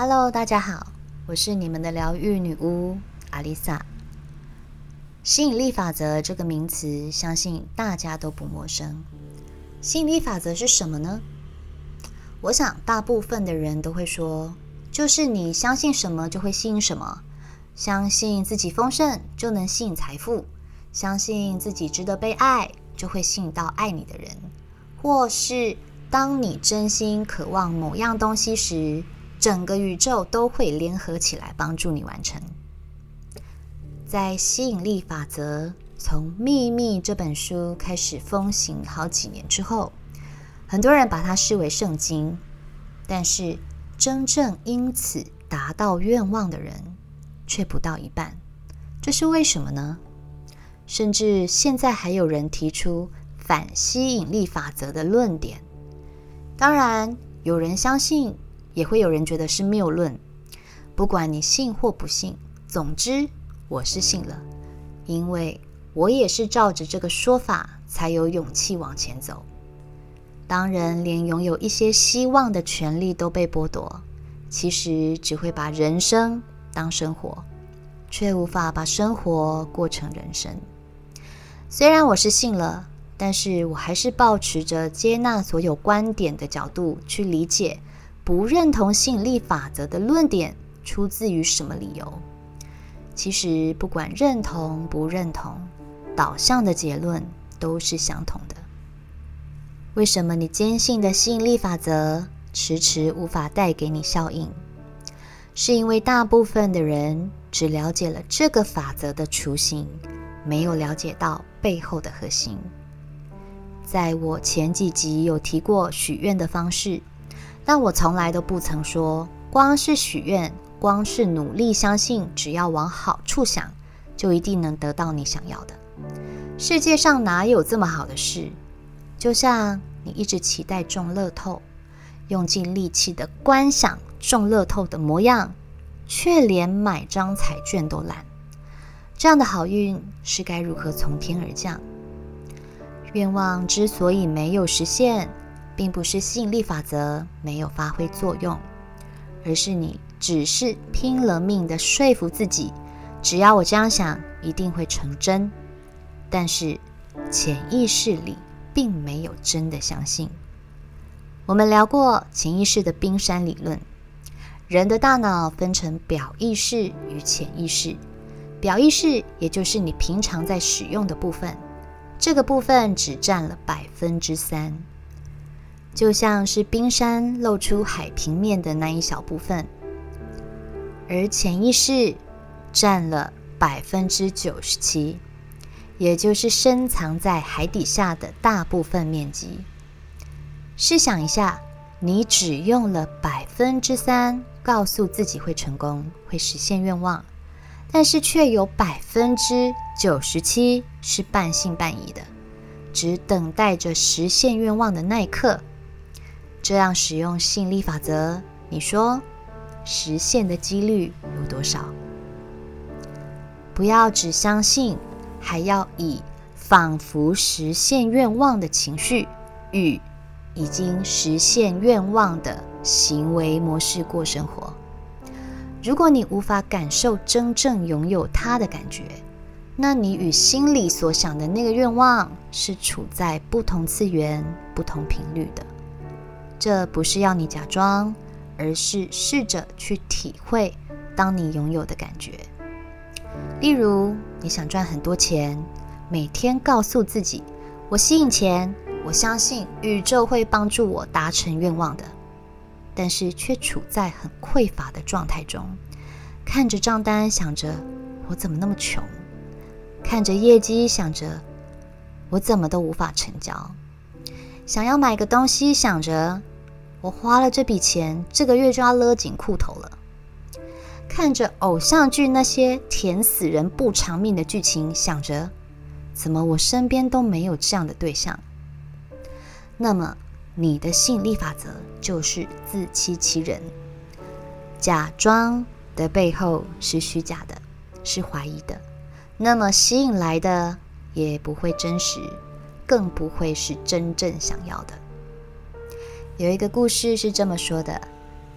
Hello，大家好，我是你們的療癒女巫阿麗莎。吸引力法則這個名詞，相信大家都不陌生。吸引力法則是什麼呢？我想大部分的人都會說，就是你相信什麼就會吸引什麼。相信自己豐盛，就能吸引財富；相信自己值得被愛，就會吸引到愛你的人。或是當你真心渴望某樣東西時。整個宇宙都會聯合起來幫助你完成。在吸引力法則從《秘密》這本書開始風行好幾年之後，很多人把它視為聖經，但是真正因此達到願望的人卻不到一半。這是為什麼呢？甚至現在還有人提出反吸引力法則的論點。當然，有人相信。也會有人覺得是謬論，不管你信或不信，總之我是信了，因為我也是照着這個說法才有勇氣往前走。當人連擁有一些希望的權利都被剝奪，其實只會把人生當生活，卻無法把生活過成人生。雖然我是信了，但是我還是保持着接納所有觀點的角度去理解。不認同吸引力法則的論點出自於什麼理由？其實不管認同不認同，導向的結論都是相同的。為什麼你堅信的吸引力法則遲遲無法帶給你效應？是因為大部分的人只了解了這個法則的雛形，沒有了解到背後的核心。在我前幾集有提過許願的方式。但我從來都不曾說，光是許願，光是努力相信，只要往好處想，就一定能得到你想要的。世界上哪有這麼好的事？就像你一直期待中樂透，用盡力氣的觀想中樂透的模樣，卻連買張彩券都懶。這樣的好運是該如何從天而降？願望之所以沒有實現，並不是吸引力法則沒有發揮作用，而是你只是拼了命地說服自己，只要我這樣想，一定會成真。但是潛意識裡並沒有真的相信。我們聊過潛意識的冰山理論，人的大腦分成表意識與潛意識，表意識也就是你平常在使用的部分，這個部分只占了百分之三。就像是冰山露出海平面的那一小部分，而潛意識占了百分之九十七，也就是深藏在海底下的大部分面積。試想一下，你只用了百分之三告訴自己會成功、會實現願望，但是卻有百分之九十七是半信半疑的，只等待着實現願望的那一刻。這樣使用吸引力法則，你說實現的幾率有多少？不要只相信，還要以仿佛實現願望的情緒，與已經實現願望的行為模式過生活。如果你無法感受真正擁有它的感覺，那你與心裡所想的那個願望是處在不同次元、不同頻率的。這不是要你假裝，而是試着去體會當你擁有的感覺。例如，你想賺很多錢，每天告訴自己“我吸引錢”，我相信宇宙會幫助我達成願望的，但是卻處在很匱乏的狀態中，看着賬單想着“我怎麼那麼窮”，看着業績想着“我怎麼都無法成交”。想要買個東西，想着我花了這筆錢，這個月就要勒緊褲頭了。看着偶像劇那些甜死人不償命的劇情，想着怎麼我身邊都沒有這樣的對象。那麼你的吸引力法則就是自欺欺人，假裝的背後是虛假的，是懷疑的，那麼吸引來的也不會真實。更不會是真正想要的。有一個故事是這麼說的，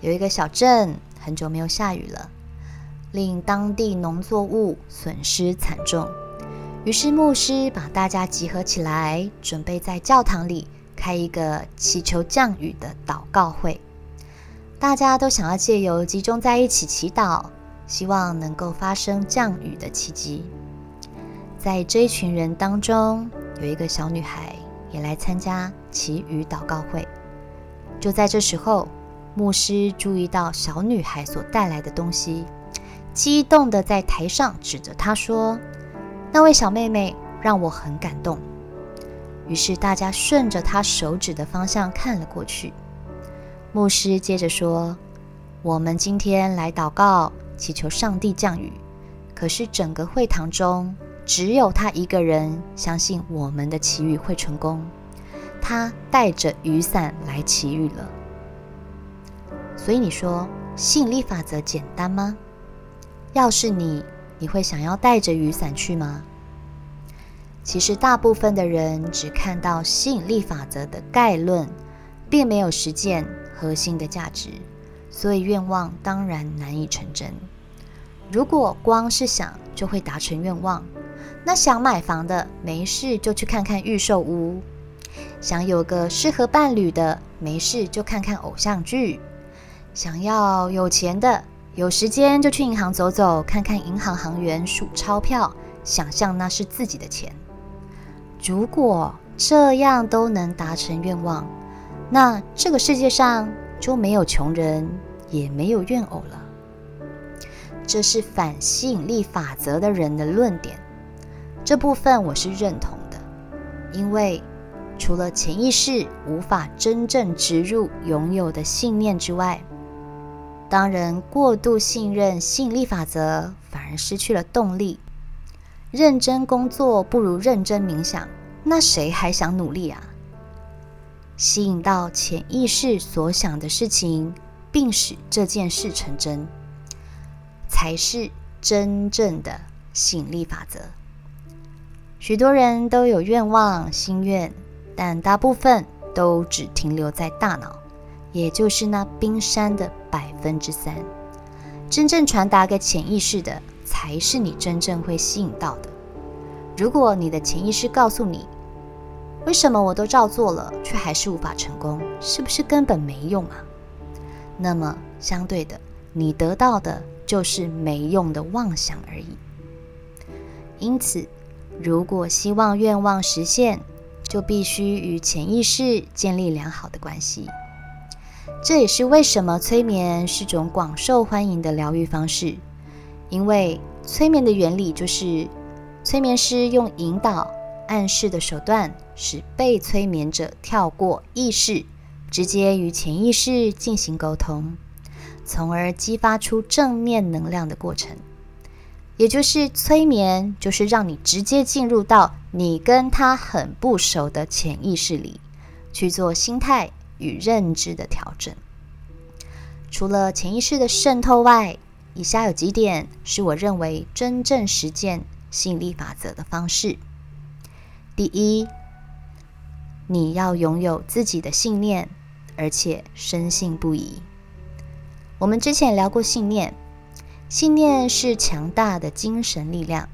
有一個小鎮很久沒有下雨了，令當地農作物損失慘重。於是牧師把大家集合起來，準備在教堂裡開一個祈求降雨的禱告會。大家都想要借由集中在一起祈禱，希望能夠發生降雨的奇蹟。在這一群人當中，有一個小女孩也來參加祈雨禱告會。就在這時候，牧師注意到小女孩所帶來的東西，激動地在台上指着她說：“那位小妹妹讓我很感動。”於是大家順着她手指的方向看了過去。牧師接着說：“我們今天來禱告，祈求上帝降雨。可是整個會堂中……”只有他一個人相信我們的祈雨會成功。他帶着雨傘來祈雨了，所以你說吸引力法則簡單嗎？要是你，你會想要帶着雨傘去嗎？其實大部分的人只看到吸引力法則的概論，並沒有實踐核心的價值，所以願望當然難以成真。如果光是想，就會達成願望。那想買房的沒事就去看看預售屋，想有個適合伴侶的沒事就看看偶像劇，想要有錢的有時間就去銀行走走，看看銀行行員數鈔票，想象那是自己的錢。如果這樣都能達成願望，那這個世界上就沒有窮人，也沒有怨偶了。這是反吸引力法則的人的論點。這部分我是認同的，因為除了潛意識無法真正植入擁有的信念之外，當人過度信任吸引力法則，反而失去了動力。認真工作不如認真冥想，那誰還想努力啊？吸引到潛意識所想的事情，並使這件事成真，才是真正的吸引力法則。許多人都有願望、心願，但大部分都只停留在大腦，也就是那冰山的百分之三。真正傳達給潛意識的，才是你真正會吸引到的。如果你的潛意識告訴你：“為什麼我都照做了，卻還是無法成功？是不是根本沒用啊？”那麼，相對的，你得到的就是沒用的妄想而已。因此，如果希望願望實現，就必須與潛意識建立良好的關係。這也是為什麼催眠是一種廣受歡迎的療癒方式，因為催眠的原理就是，催眠師用引導、暗示的手段，使被催眠者跳過意識，直接與潛意識進行溝通，從而激發出正面能量的過程。也就是催眠，就是讓你直接進入到你跟他很不熟的潛意識裡，去做心態與認知的調整。除了潛意識的滲透外，以下有幾點是我認為真正實踐吸引力法則的方式。第一，你要擁有自己的信念，而且深信不疑。我們之前聊過信念。信念是強大的精神力量。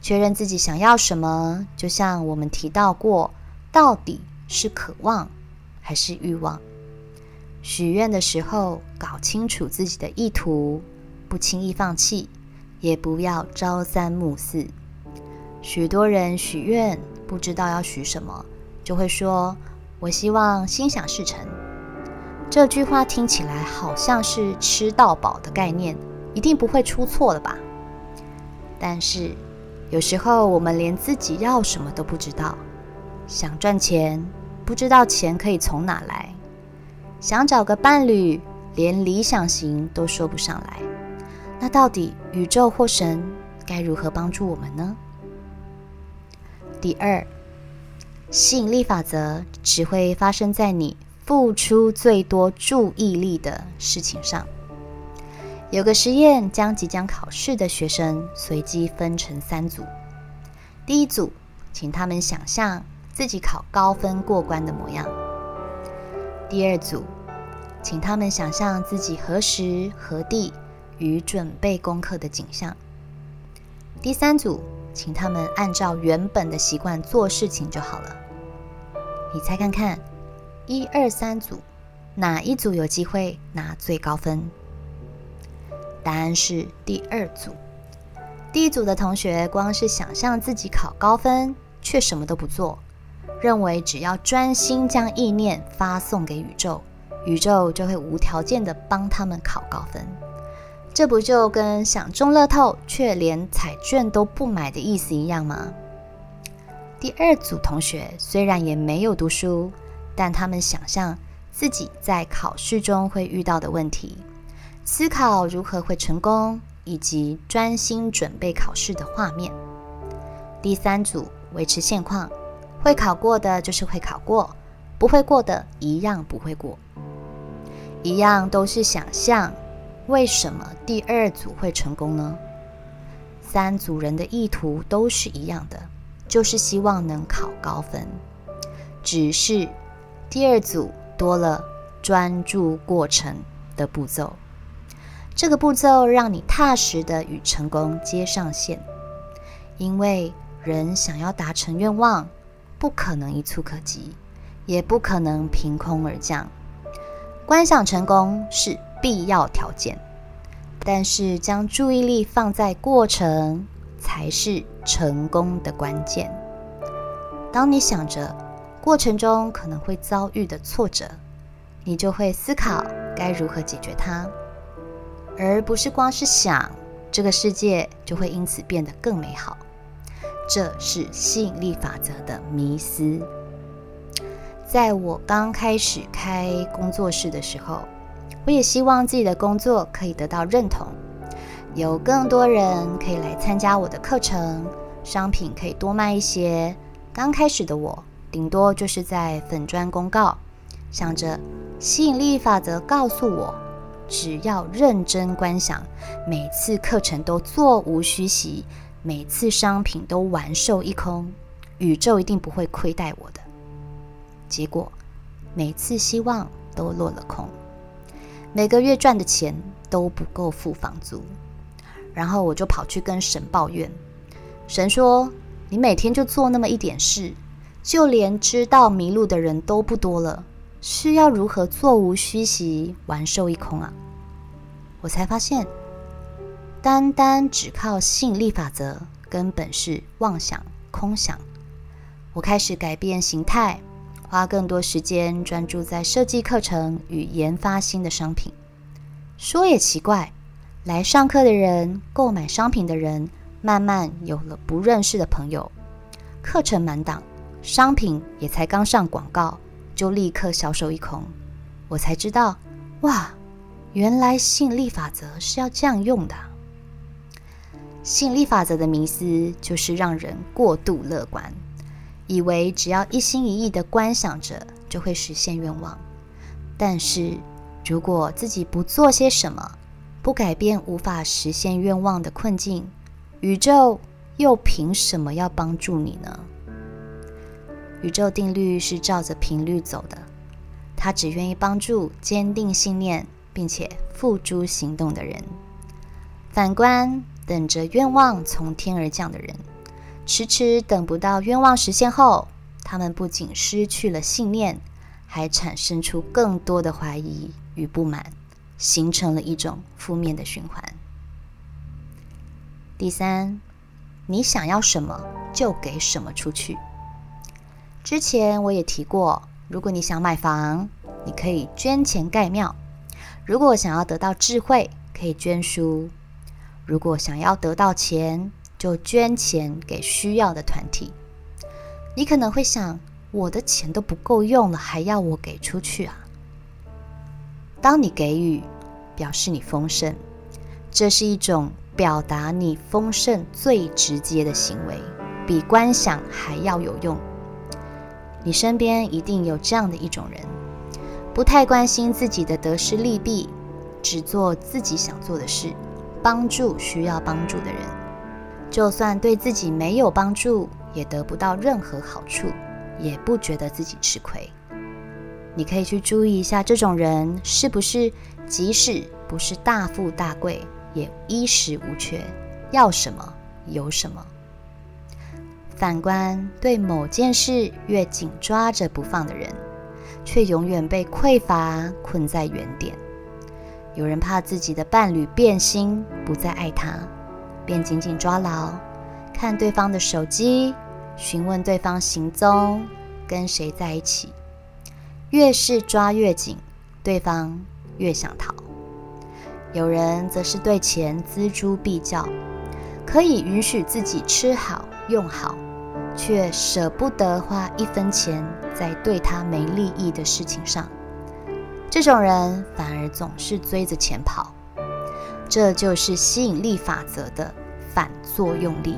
確認自己想要什麼，就像我們提到過，到底是渴望還是慾望？許願的時候，搞清楚自己的意圖，不輕易放棄，也不要朝三暮四。許多人許願不知道要許什麼，就會說：“我希望心想事成。”這句話聽起來好像是吃到飽的概念。一定不會出錯了吧？但是，有時候我們連自己要什麼都不知道。想賺錢，不知道錢可以從哪來；想找個伴侶，連理想型都說不上來。那到底宇宙或神該如何幫助我們呢？第二，吸引力法則只會發生在你付出最多注意力的事情上。有個實驗，將即將考試的學生隨機分成三組。第一組，請他們想象自己考高分過關的模樣；第二組，請他們想象自己何時何地與準備功課的景象；第三組，請他們按照原本的習慣做事情就好了。你猜看看，一二三組，哪一組有機會拿最高分？答案是第二組。第一組的同學光是想象自己考高分，卻什麼都不做，認為只要專心將意念發送給宇宙，宇宙就會無條件地幫他們考高分。這不就跟想中樂透，卻連彩券都不買的意思一樣嗎？第二組同學雖然也沒有讀書，但他們想象自己在考試中會遇到的問題。思考如何會成功，以及專心準備考試的畫面。第三組維持現況，會考過的就是會考過，不會過的一樣不會過，一樣都是想象。為什麼第二組會成功呢？三組人的意圖都是一樣的，就是希望能考高分，只是第二組多了專注過程的步驟。這個步驟讓你踏實地與成功接上線，因為人想要達成願望，不可能一蹴可及，也不可能憑空而降。觀想成功是必要條件，但是將注意力放在過程才是成功的關鍵。當你想着過程中可能會遭遇的挫折，你就會思考該如何解決它。而不是光是想，這個世界就會因此變得更美好，這是吸引力法則的迷思。在我剛開始開工作室的時候，我也希望自己的工作可以得到認同，有更多人可以來參加我的課程，商品可以多賣一些。剛開始的我，頂多就是在粉專公告，想着吸引力法則告訴我。只要認真觀想，每次課程都座無虛席，每次商品都完售一空，宇宙一定不會虧待我的。結果，每次希望都落了空，每個月賺的錢都不夠付房租，然後我就跑去跟神抱怨。神說：“你每天就做那麼一點事，就連知道迷鹿的人都不多了。”是要如何座無虛席、完售一空啊？我才發現，單單只靠吸引力法則根本是妄想、空想。我開始改變形態，花更多時間專注在設計課程與研發新的商品。說也奇怪，來上課的人、購買商品的人，慢慢有了不認識的朋友。課程滿檔，商品也才剛上廣告。就立刻小手一空，我才知道，哇，原來吸引力法則是要這樣用的啊。吸引力法則的迷思就是讓人過度樂觀，以為只要一心一意的觀想着就會實現願望。但是如果自己不做些什麼，不改變無法實現願望的困境，宇宙又憑什麼要幫助你呢？宇宙定律是照着頻率走的，它只願意幫助堅定信念並且付諸行動的人。反觀等着願望從天而降的人，遲遲等不到願望實現後，他們不僅失去了信念，還產生出更多的懷疑與不滿，形成了一種負面的循環。第三，你想要什麼就給什麼出去。之前我也提過，如果你想買房，你可以捐錢蓋廟；如果想要得到智慧，可以捐書；如果想要得到錢，就捐錢給需要的團體。你可能會想，我的錢都不夠用了，還要我給出去啊？當你給予，表示你豐盛，這是一種表達你豐盛最直接的行為，比觀想還要有用。你身邊一定有這樣的一種人，不太關心自己的得失利弊，只做自己想做的事，幫助需要幫助的人。就算對自己沒有幫助，也得不到任何好處，也不覺得自己吃虧。你可以去注意一下，這種人是不是即使不是大富大貴，也衣食無缺，要什麼有什麼。反觀對某件事越緊抓着不放的人，卻永遠被匱乏困在原點。有人怕自己的伴侶變心，不再愛他，便緊緊抓牢，看對方的手機，詢問對方行蹤，跟誰在一起。越是抓越緊，對方越想逃。有人則是對錢錙銖必較。可以允許自己吃好用好，卻捨不得花一分錢在對他沒利益的事情上，這種人反而總是追着錢跑。這就是吸引力法則的反作用力。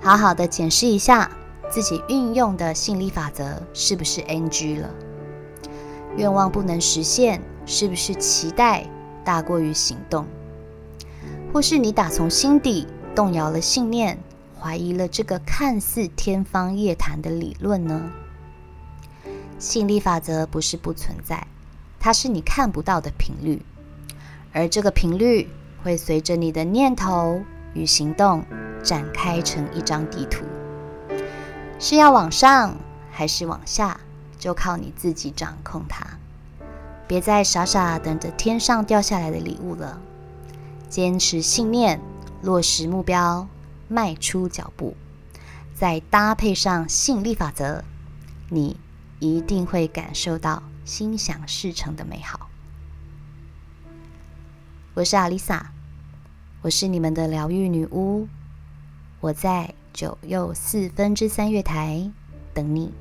好好的檢視一下自己運用的吸引力法則是不是 NG 了？願望不能實現，是不是期待大過於行動？或是你打從心底動搖了信念，懷疑了這個看似天方夜譚的理論呢？吸引力法則不是不存在，它是你看不到的頻率，而這個頻率會隨着你的念頭與行動展開成一張地圖。是要往上還是往下，就靠你自己掌控它。別再傻傻等着天上掉下來的禮物了。堅持信念，落實目標，邁出腳步，再搭配上吸引力法則，你一定會感受到心想事成的美好。我是阿麗薩，我是你們的療癒女巫，我在九又四分之三月台等你。